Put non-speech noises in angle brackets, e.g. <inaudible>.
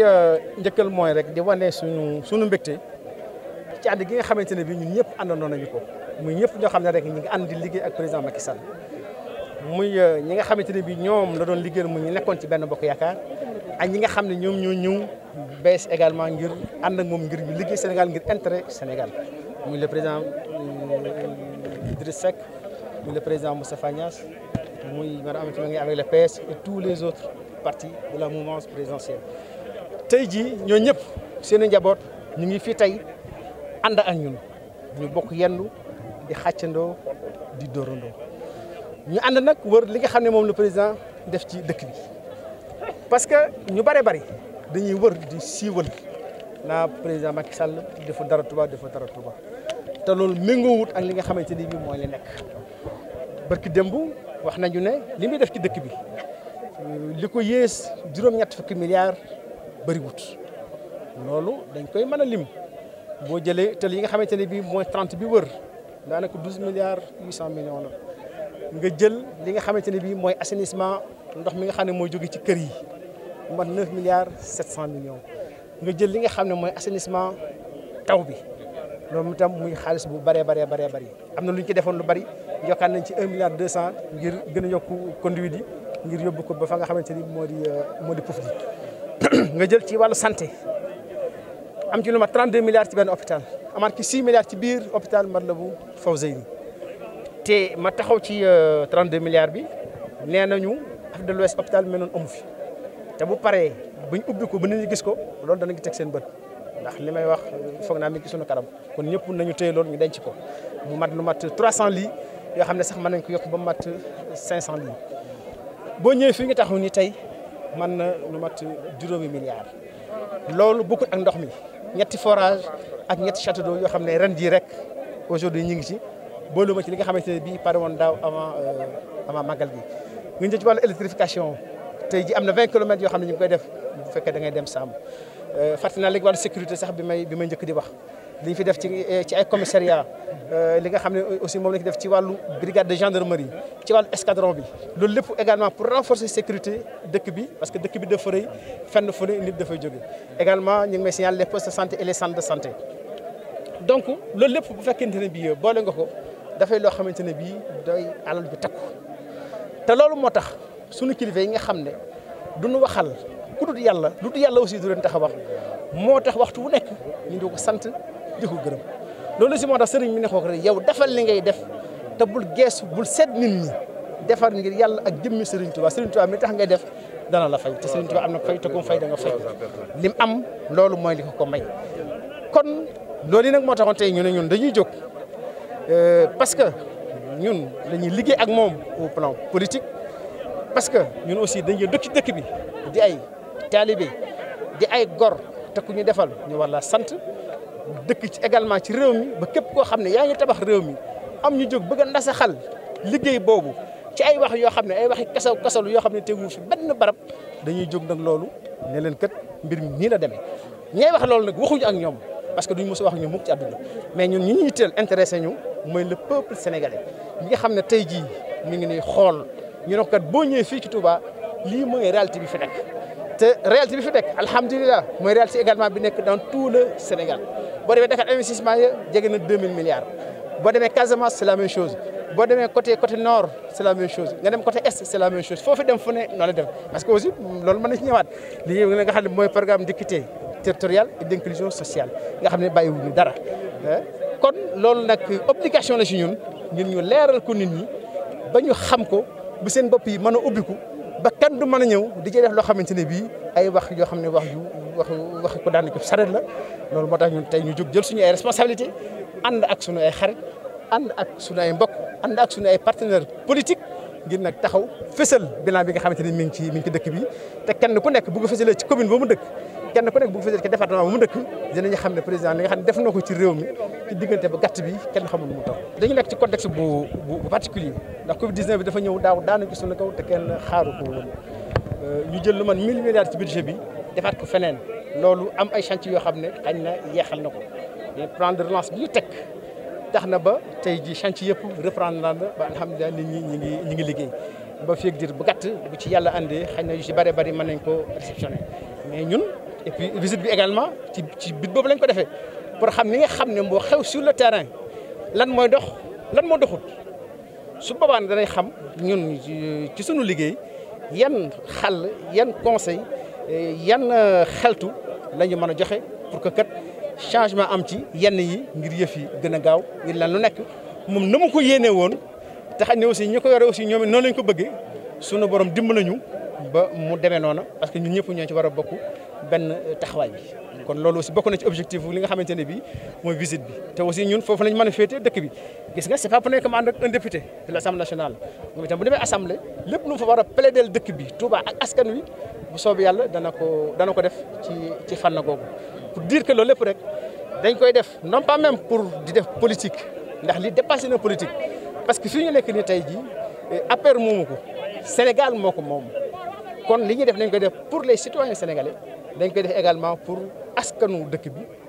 koy euh, njëkkal mooy rek di wane suñu sunu mbégte ci ànd gi nga xamante ne bi ñun ñëpp àndandoo nañu ko muy ñëpp ñoo xam ne rek ñu ngi ànd liggéey ak président Macky Sall muy euh, ñi xamante ne bi ñoom la doon liggéeyal mu ñu nekkoon ci benn bokk yaakaar ak ñi nga xam ne ñoom ñoo ñëw bees également ngir ànd ak moom ngir ñu liggéey Sénégal ngir intérêt Sénégal muy le président euh, Idriss Seck muy le président Moustapha Niass muy madame Aminata Mbengue avec le PS et tous les autres partis de la mouvance présidentielle tey jii ñoo ñëpp seen i njaboot ñu ngi fi tey ànd ak ñun ñu bokk yendu di xàccandoo di dóorandoo ñu ànd nag wër li nga xam ne moom le président def ci dëkk bi parce que ñu bare bari dañuy wër di siiwal naa président Macky Sall defu dara Touba defu dara Touba te loolu wut ak li nga xamante ni bii mooy li nekk barki démb wax nañu ne li muy def ci dëkk bi li ko yées juróom-ñett fukki milliards bëriwut loolu dañ koy mën a lim boo jëlee tel yi nga xamante ne bii mooy trent bi wër daanaka 12 milliards 800 millions la nga jël li nga xamante ne bii mooy assainissement ndox mi nga xam ne mooy jóge ci kër yi mat 9 milliards 700 millions nga jël li nga xam ne mooy assainissement taw bi loolu tam muy xaalis bu bëree bëree bëree bëri am na lu ñu ci defoon lu bari yokkaat nañ ci 1 milliard 200 ngir gën a yokku conduite yi ngir yóbbu ko ba fa nga xamante ni moo di moo di puuf gi <clears throat> nga jël ci wàllu santé am ci lu mat 32 milliards ci benn hôpital amaat ki 6 milliards ci biir bu Matlaboul Fawzeyni te ma taxaw ci 32 euh, milliards bi nee nañu Afrique de l'Ouest hôpital mel noonu amu fi te bu paree buñ ubbi ko bu nit ñi gis ko loolu dana danañ teg seen bët ndax li may wax foog naa mi gis suñu karam kon ñëpp nañu téye loolu ñu denc ko mu mat lu mat 300 lits yoo xam ne sax mën nañ ko yokk ba mat 500 lits boo ñëwee fii nga taxaw ni man na lu mat mi milliards loolu bukk ak ndox mi ñetti forage ak ñetti château d'eau yoo xam ne ren jii rek aujourd'hui ñu ngi ci boolu ma ci li nga xamante ne bii pare woon daaw avant euh, avant màggal gi nga ñëw ci wàllu électrification tey ji am na 20 kilomètres yoo xam ne ñu koy def bu fekkee da ngay dem sàmm euh, fàttali naa léegi sécurité sax bi may bi may njëkk di wax li fi def ci eh, ci ay commissariat euh, li nga xam ne aussi moom la ñu def ci wàllu brigade de gendarmerie ci wàllu escadron bi loolu lépp également pour renforcer sécurité dëkk bi parce que dëkk bi dafa rëy fenn fu ne nit dafay jóge également ñu ngi may signaler les postes les centres de santé donc loolu lépp bu fekkente ne bii boole nga ko dafay loo xamante ne bii doy alal bi takku te loolu moo tax sunu kilifa yi nga xam ne du duñu waxal ku dul yàlla lu dul yàlla aussi du leen tax a wax moo tax waxtu wu nekk ñu ngi sant di ko gërëm loolu si moo tax sëriñ bi ne ko rek yow defal li ngay def te bul geesu bul seet nit ñi defar ngir yàlla ak jëmmi sëriñ Tuubaa sëriñ Tuubaa mi tax ngay def dana la fay te sëriñ Tuubaa am na fay te ku mu fay da nga fay lim am loolu mooy li ko ko may kon loolu yi nag moo taxoon tey ñu ne ñun dañuy jóg euh, parce que ñun dañuy liggéey ak moom au plan politique parce que ñun aussi dañuy dëkk dëkk bi di ay taalibe di ay gor te ku ñu defal ñu war laa sant dëkk ci également ci réew mi ba képp koo xam ne yaa ngi tabax réew mi am ñu jóg bëgg a nasaxal liggéey boobu ci ay wax yoo xam ne ay waxi kasaw kasaw yoo xam ne tegu fi benn barab dañuy jóg nag loolu ne leen kat mbir mi nii la demee ñay wax loolu nag waxuñu ak ñoom parce que duñ mos a wax ñu mukk ci mais ñun ñu ñuy teel intéressé ñu mooy le peuple sénégalais ñi nga xam ne tey jii ñu ngi nii xool ñu ne boo ñëwee fii ci Touba lii mooy réalité bi fi nekk te réalité bi fi nekk alhamdulillah mooy réalité également bi nekk dans tout le Sénégal boo demee Dakar investissement ya jege na 2000 milliards boo demee Casamance c' la même chose boo demee côté côté nord c' est la même chose nga dem côté est c' est la même chose foofu dem fu ne noonu la dem parce que aussi loolu mën na ci ñëwaat li nga xam ne mooy programme d' équité et d' sociale nga xam ne bàyyiwuñu dara eh? kon loolu nag obligation la si ñun ngir ñu leeral ko nit ñi ba ñu xam ko bu seen bopp yi mën a ubbiku ba kenn du mën a ñëw di ci loo xamante ne bii ay wax yoo xam ne wax yu wax wax ko daan ko saret la loolu moo tax ñun tey ñu jóg jël suñu ay responsabilité ànd ak suñu ay xarit ànd ak suñu ay mbokk ànd ak suñu ay partenaire politique ngir nag taxaw fësal bilan bi nga xamante ni mi ngi ci mi ngi ci dëkk bi te kenn ku nekk bu ko fësalee ci commune ba mu dëkk kenn ku nekk bu xam ne président li nga xam ne def na ko ci réew mi ci diggante ba gàtt bi kenn xamul mu taw dañu nekk ci contexte bu bu particulier ndax Covid 19 bi dafa ñëw daaw daana ci suñu kaw te kenn xaar ko woon euh, ñu jël lu man 1000 milliards ci budget bi defaat ko feneen loolu am ay chantier yoo xam ne xañ na yeexal na ko mais plan de relance bi ñu teg tax na ba tey ji chantier yëpp reprendre na ba alhamdulilah nit ñi ñi ngi ñi ngi liggéey ba feeg diir bu gàtt bu ci yàlla andee xañ na yu ci bare bëri mën nañ ko réceptionné mais ñun et bi également ci ci bit boobu lañ ko defee pour xam ni nga xam ne mboo xew sur le terrain lan mooy dox lan moo doxut su boobaa danay xam ñun ci sunu liggéey yan xàll yan conseil Eh, yan euh, xeltu la ñu mën a joxe pour que kat changement am ci yenn yi ngir yëf yi gën a gaaw ngir lan lu nekk moom na mu ko yéenee woon te xam ne aussi ñu ko yore aussi ñoom it noonu lañ ko bëggee sunu borom dimbali ñu ba mu demee noonu parce que ñun ñëpp ñoo ci war a bokk benn euh, taxawaay bi. kon loolu aussi bokk na ci objectif li nga xamante ne bii mooy visite bi te aussi ñun foofu lañ mën a féetee dëkk bi gis nga c'est pas pour ne comme ànd ak un député de l'Assemblée nationale moom itam bu war a plaider dëkk bi Touba ak askan wi. bu soobee yàlla dana ko dana ko def ci ci fànn googu pour diir que loolu lépp rek dañ koy def non pas même pour di def politique ndax li dépassé na politique parce que suñu ñu nekk nii tey jii eh, APR moomu ko Sénégal moo ko moom kon li ñuy def dañ koy def pour les citoyens sénégalais dañ koy def également pour askanu dëkk bi